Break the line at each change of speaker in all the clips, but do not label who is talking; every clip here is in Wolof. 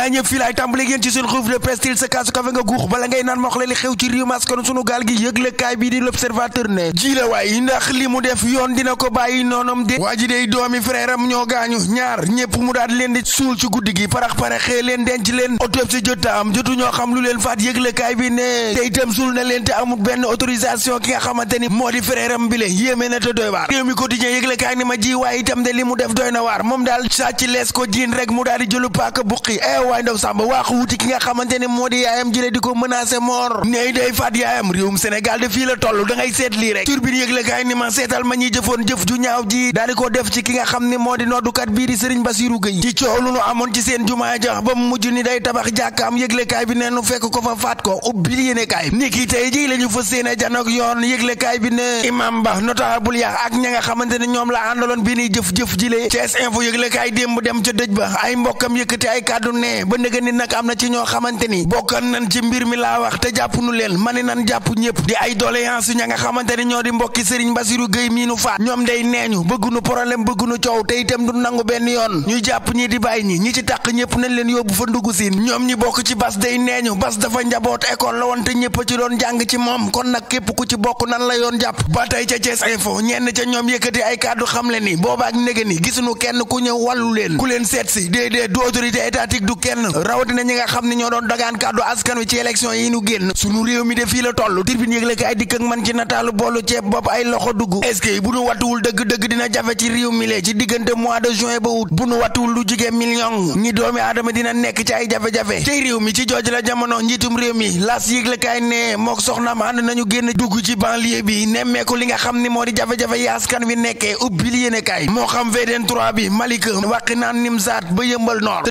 kaay ñëpp fii laay tàmbali yéen ci seen revue de presse sa kaasu kafe nga guux bala ngay naan ma li xew ci réew mi sunu gaal gi yëgle kaay di l'observateur ne ji la waay ndax li mu def yoon dina ko bàyyi noonam de waa ji dey doomi frère am ñoo gaañu ñaar ñëpp mu daal leen di suul ci guddi gi parax paraxee leen denc leen autopsie jota am jotu ñoo xam lu leen faat yëgle kaay bi ne te itam suul na leen te amul benn autorisation ki nga xamante ni moo di frère am bi le yéeme na te doy waar réew mi quotidien yëgle ni ma ji waaye itam de li mu def doy na waar moom daal sàcc lees ko jiin rek mu daal di jëlu paaka buqi eh waay Ndaw Samba waax wuti ki nga xamante ne moo di yaayam jële di ko menacé mort ney day faat yaayam réewum Sénégal de fii la toll da ngay seet lii rek turbine yëgle kaay ni ma seetal ma ñuy jëfoon jëf ju ñaaw ji daal ko def ci ki nga xam ne moo di noddukat bii di Serigne Bassirou Gueye ci coow lu nu amoon ci seen jumaa jax ba mu mujj ni day tabax jàkkaam yëgle kaay bi ne nu fekk ko fa faat ko ubbil yéene kaay ni ki tey ji la ñu fa séene janok yoon yëgle ne imam ba notable ya ak ña bi ni jëf-jëf jilee Thiès info yëgle dem ca dëj ay mbokkam yëkkati ay kàddu ne ba nëga ni nag am na ci ñoo xamante bokkan nan ci mbir mi laa wax te jàpp nu leen ma ni nan jàpp ñëpp di ay doléance yu ña nga xamante ñoo di mbokki Serigne Bassirou Gueye mii faat ñoom day neeñu bëggunu problème bëggunu coow te itam du nangu benn yoon ñuy jàpp ñi di bàyyi ñi ñi ci tàq ñëpp nañ leen yóbbu fa ndugg siin ñoom ñi bokk ci bas day neeñu bas dafa njaboot école la woon te ñëpp ci doon jàng ci moom kon nag képp ku ci bokk nan la yoon kenn rawatina ñi nga xam ne ñoo doon dagaan kàddu askan wi ci élection yi ñu génn sunu réew mi de fii la toll tribune yëgle kay dikk ak man ci nataalu boolu ceeb bopp ay loxo dugg est bu ñu wattuwul dëgg-dëgg dina jafe ci réew mi lee ci diggante de juin ba août bu ñu wattuwul lu jigee million dina nekk ci ay jafe-jafe tey mi ci jooju la jamono njiitum réew mi las yëgle kay ne mook soxnaam ànd nañu génn dugg ci banlieue bi nemmeeku li nga xam ni moo di jafe-jafe yi askan wi nekkee ubbil yéene kay moo xam VDN 3 bi Malick wàqi naan nim saat ba yëmbal noor te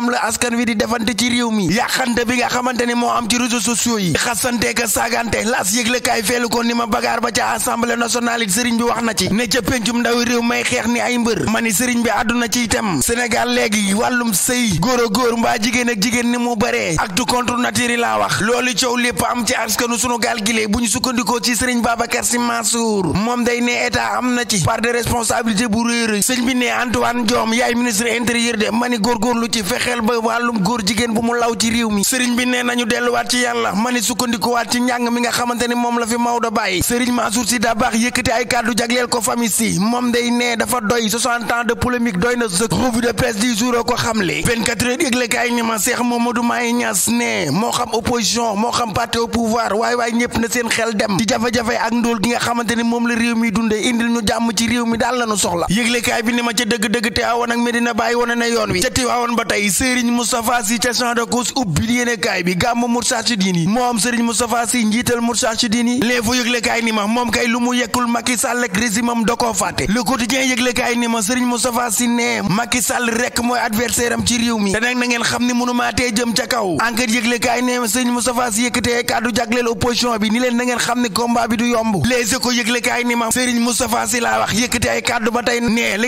moom la askan wi di defante ci réew mi yàqante bi nga xamante ni moo am ci réseaux sociaux yi xasante ka saagante las yëglekaay feelu ko ni ma bagaar ba ca assemblée nationale it sëriñ bi wax na ci ne ca péncum ndawi réew may xeex ni ay mbër ma ni sëriñ bi àdduna ci itam Sénégal léegi wàllum sëy góor a góor mbaa jigéen ak jigéen ni mu baree acte contre nature laa wax loolu coow lépp am ci askanu sunu gaal bu ñu sukkandikoo ci sëriñ Babacar Sy xel ba wàllum góor jigéen bu mu law ci réew mi sëriñ bi nee nañu delluwaat ci yàlla mani sukkandikuwaat ci njàng mi nga xamante ni moom la fi Maodo bàyyi sëriñ Mansour Sy Dabakh yëkkati ay kàddu jagleel ko famille si moom day nee dafa doy 60 ans de polémique doy na sëkk revue de presse du jour ko xamle 24 heures yëglekaay ni ma Cheikh Mamadou moo xam opposition moo xam parti au pouvoir ñëpp na seen xel dem ci jafe-jafe ak ndóol gi nga xamante ni moom la réew mi dundee indil ñu jàmm ci réew mi daal la ñu soxla yëglekaay bi ni ma ca dëgg-dëgg te awoon ak Medina Baye wane na yoon wi ca Tiwaawoon ba tey Serigne Moustapha Sy ca champ de course ubbil yéenekaay bi gàmmu Moustarchidine yi moom Serigne Moustapha Sy njiital Moustarchidine yi léegi fu yëglekaay ni ma moom kay lu nee Macky Sall rek mooy adversaire ci réew mi te nag xam ni mënumaa tee jëm ca kaw enquête yëglekaay nee ma Serigne Moustapha Sy yëkkatee kàddu jagleel opposition bi ni leen na ngeen xam ni combat bi du yomb Les Échos yëglekaay ni ma Serigne Moustapha Sy laa wax yëkkatee ay kàddu ba tey nee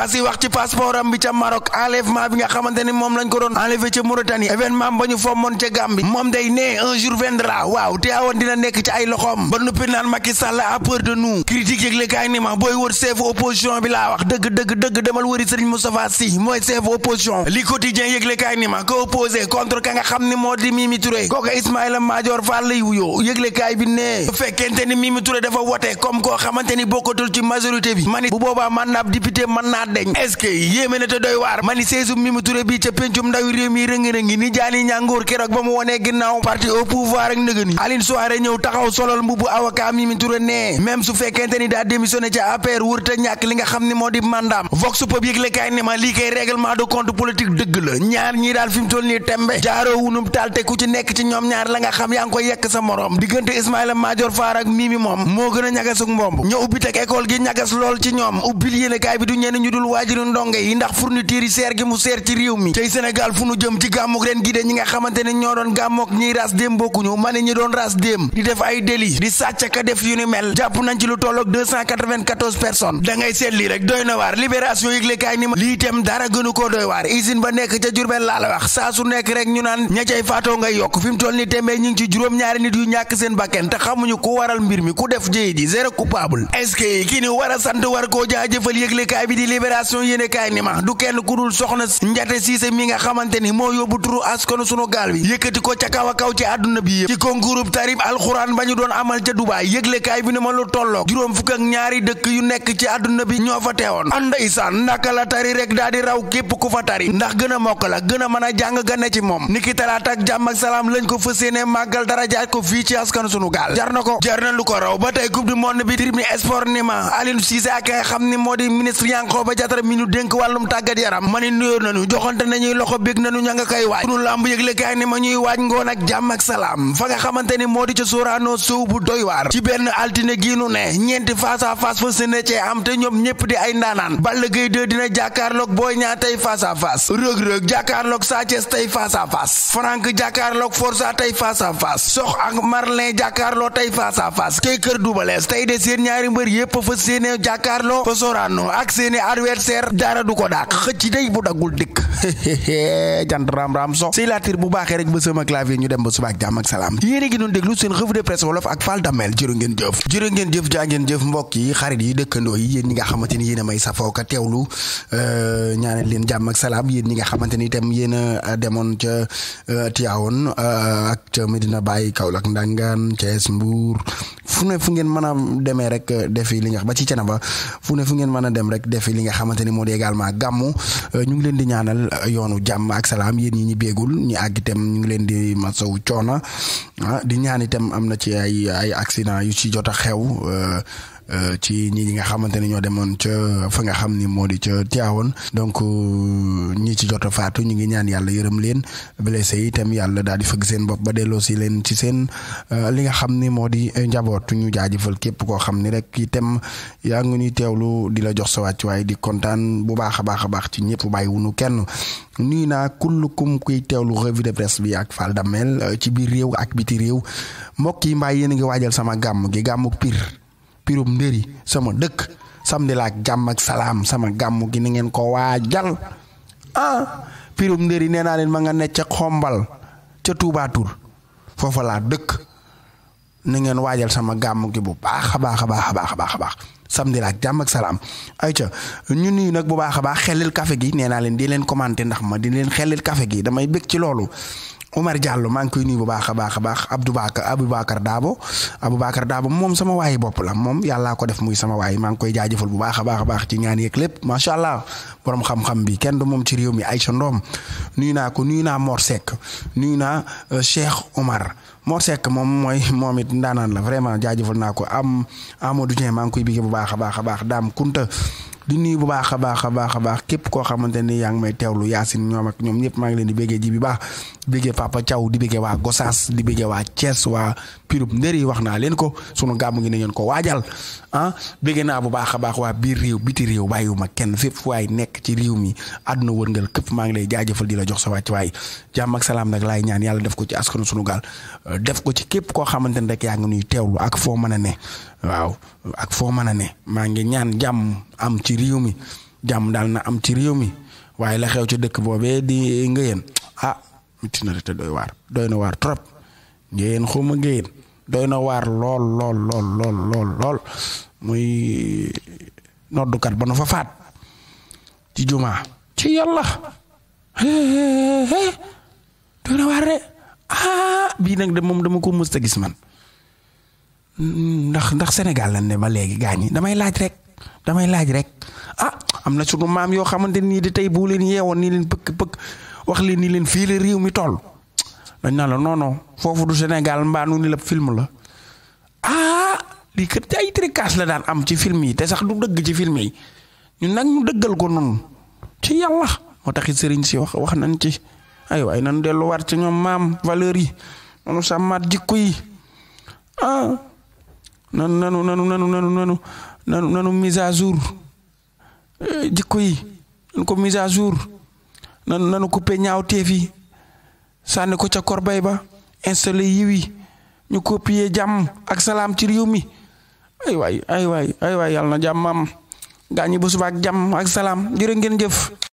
Pass yi wax ci passeport am bi ca Maroc enlèvement bi nga xamante ni moom lañ ko doon enlevé ca Mauritanie événement ba ñu fommoon ca Gambie moom day nee un jour viendra waaw te awoon dina nekk ci ay loxoom ba noppi naan Macky a peur de nous critique yëgle kaay ni ma booy wër chef opposition bi laa wax dëgg dëgg dëgg demal wëri Serigne Moustapha Sy mooy chef opposition li quotidien yëgle kaay ni ma ko opposé contre ka nga xam ni moo di Mimi Touré kooku Ismaïla Madior Fall lay ni Mimi Touré dafa wote comme bi man bu boobaa deñ est-ce que doy waar mani seesum Mimi Touré bi ca péncum ndawi réew mi rëngi-rëngi ni jaani ñàngoor keroog ba mu wonee ginnaaw parti au pouvoir ak nëgëni Aline Souaré ñëw taxaw solol mbubbu avocat Mimi Touré nee même su fekkente ni daa démissionné ca APR wër te li nga xam ne moo di mandaam vox publique le kaay ne ma lii kay règlement de dëgg la ñaar ñii daal fi mu nii tembe jaaroo wunum taal te ku ci nekk ci ñoom ñaar la nga xam a ñagasuk mbomb ñëw dundul waajuri yi ndax fourniture seer gi mu seer ci réew mi tey Sénégal fu nu jëm ci gàmmuk ren gi ñi nga xamante ñoo doon gàmmook ñiy ras déem bokkuñu ma ñi doon ras déem di def ay déli di sàcc ka def yu ni mel jàpp nañ ci lu tollook personnes da seet lii rek doy na waar libération yëglekaay ni ma lii itam dara gënu koo doy waar usine ba nekk ca Jurbel laa wax saa su nekk rek ñu naan ña cay faatoo ngay yokk fi toll ni tembee ñu ci juróom libération yéene kaay ni ma du kenn ku dul soxna njate siise mi nga xamante ni moo yóbbu turu askanu sunu gaal bi yëkkati ko ca kaw a kaw ci àdduna bi yëpp ci concours tarib alxuraan ba ñu doon amal ca Dubaay yëgle kaay bi ne ma lu tolloog juróom fukk ak ñaari dëkk yu nekk ci àdduna bi ñoo fa te teewoon andaysaan ndaka la tari rek daa di raw képp ku fa tari ndax gën a mokk la gën a mën a jàng gane ci moom niki talaata ak jàmm ak salaam lañ ko fas yéene màggal dara jaaj ko fii ci askanu sunu gaal jar na ko jar na lu ko raw ba tey coupe moo di ministre Yankhoba Ibrahima Diatara mi ñu dénk wàllum tàggat yaram ma ni nuyoo nañu joxante nañuy loxo bég nañu ña koy waaj sunu làmb yëglekaay ni ma ñuy waaj ngoon ak jàmm ak salaam fa nga xamante ni moo di ca sóoraanoo sow bu doy waar ci benn altine gii nu ne ñeenti face à face fa sene cee am te ñoom ñëpp di ay ndaanaan Balla Gaye 2 dina jàkkaarloog Boy Niang tey face à face rëg-rëg jàkkaarloog Sa Thiès tey face à face Frank jàkkaarloog Forza tey face à face sox ak Marlin jàkkaarloo tey face à face tey kër Double Less tey de seen ñaari mbër yëpp fa séene jàkkaarloo fa adversaire dara du ko daak xëcc day bu daggul dikk jant raam raam so si laatir bu baaxee rek ba sama clavier ñu dem ba suba ak jàmm ak salaam yéen a ngi doon déglu seen revue de presse wolof ak Fall Damel jërë ngeen jëf jërë ngeen jëf jaa ngeen jëf mbokk yi xarit yi dëkkandoo yi yéen ñi nga may safoo ka teewlu euh, ñaanal leen jàmm ak salaam yéen ñi nga xamante ni itam yéen a demoon ca euh, Tivaouane euh, ak ca Medina Baye Kaolack Ndangaan Thiès Mbour fu ne fu ngeen mën demee rek defi li nga ba ci cana ne fu ngeen mën a dem rek defi nga xamante ni moo di également gàmmu euh, ñu ngi leen di ñaanal euh, yoonu jàmm ak salaam yéen ñi ñi béegul ñi àgg itam ñu ngi leen di masawu coono ah di ñaan itam am na ci ay ay accident yu ci jot a xew euh, Euh, ci ñi nga xamante ne ñoo demoon ca fa nga xam ni moo di ca Tivaouane donc euh, ñi ci jot a faatu ñu ngi ñaan yàlla yërëm leen blessé itam yàlla daal di fëgg seen bopp ba delloo si leen ci seen euh, li nga xam ni moo di njaboot ñu jaajëfal képp koo xam ni rek tem yaa ngi ñuy teewlu di la jox sa wàcc waaye di kontaan bu baax a baax a baax ci ñëpp bàyyi wunu kenn nuyu naa kullukum kuy teewlu revue de presse bi ak Fall Damel ci biir réew ak biti réew mbokk yi mbaay yéen a ngi waajal sama gàmm gi gàmmuk Pire pirum ndëri sama dëkk samedi laa jàmm ak salaam sama gàmm gi ni ngeen ko waajal ah pirum ndëri nee naa leen ma nga ne ca xombal ca Touba Tour foofa laa dëkk ni ngeen waajal sama gàmm gi bu baax a baax a baax a baax a baax a baax samedi laa jàmm ak salaam ayca ñu nuyu nag bu baax a baax xelil kafe gi nee naa leen di leen commenté ndax ma di leen xelil kafe gi damay bëgg ci loolu Omar Diallo maa ngi koy nuyu bu baax a baax a baax Abdoubacar Aboubacar Daabo Aboubacar Daabo moom sama waayu bopp la moom yàllaa ko def muy sama waay maa ngi koy jaajëfal bu baax a baax a baax ci ñaan yeeg lépp macha allah borom xam-xam bi kenn du moom ci réew mi Aïcha Ndom nuyu naa ko nuyu naa Mor Seck nuyu naa euh, Cheikh Omar Mor Seck moom mooy moom it ndaa ndaanaan la vraiment jaajëfal naa ko am Amadou Dieng maa ngi koy bige bu baax a baax a baax daam Kunta di nuyu bu baax a baax a baax baax képp koo xamante ne yaa ngi may teewlu Yacine ñoom ak ñoom ñëpp maa ngi leen béggee ji bi baax di béggee Papa Thiaw di béggee waa Gosaas di béggee waa Thiès waa Pirub Ndër yi wax naa leen ko sunu gàmm ngi ne ko waajal ah béggee naa bu baax a baax waa biir réew biti réew bàyyiwuma kenn fépp waaye nekk ci réew mi àdduna wërngal képp maa ngi lay jaajëfal di la jox sa wàcc waay jàmm ak salaam nag laay ñaan yàlla def ko ci askanu sunu gaal def ko ci képp koo xamante ne rek yaa ngi nuy teewlu ak foo mën a ne ak foo mën ne maa ngi ñaan jàmm am ci réew mi jàmm daal na am ci réew mi waaye la xew ci dëkk boobee di ngëyeen ah mitti na te doy waar doy na waar trop ngëyeen xuma ngëyeen doy na waar lool lool lool lool muy noddukat ba nu fa ci jumaa ci yàlla doy na waar de ah bii nag de moom dama ko mësta gis man ndax ndax Sénégal lañ ne ba léegi gaañ yi damay laaj rek damay laaj rek ah am na sunu maam yoo xamante nii di tey bu leen yeewoon nii leen pëkk pëkk wax leen nii leen fii la réew mi toll dañ naa la non foofu du Sénégal mbaa nu ni la film la ah, ay tricage la daan am ci film yi te sax du dëgg ci film yi ñun nag ñu dëggal ko noonu ci yàlla moo taxit sëriñ si wax wax nañ ci ay waay nan delluwaat ci ñoom maam valeur yi nanu sàmmaat jikko yi ah. nanu nanu nanu nanu nanu nanu nanu mise à jour eh, jikko yi nanu ko mise à jour nanu nanu coupé ñaawteef yi sànni ko ca korbay ba installé yiw yi ñu copier jàmm ak salaam ci réew mi ay waay ay waay ay waay yàlla na jàmm am gaa ñi bu suba ak jàmm ak salaam jërë ngeen jëf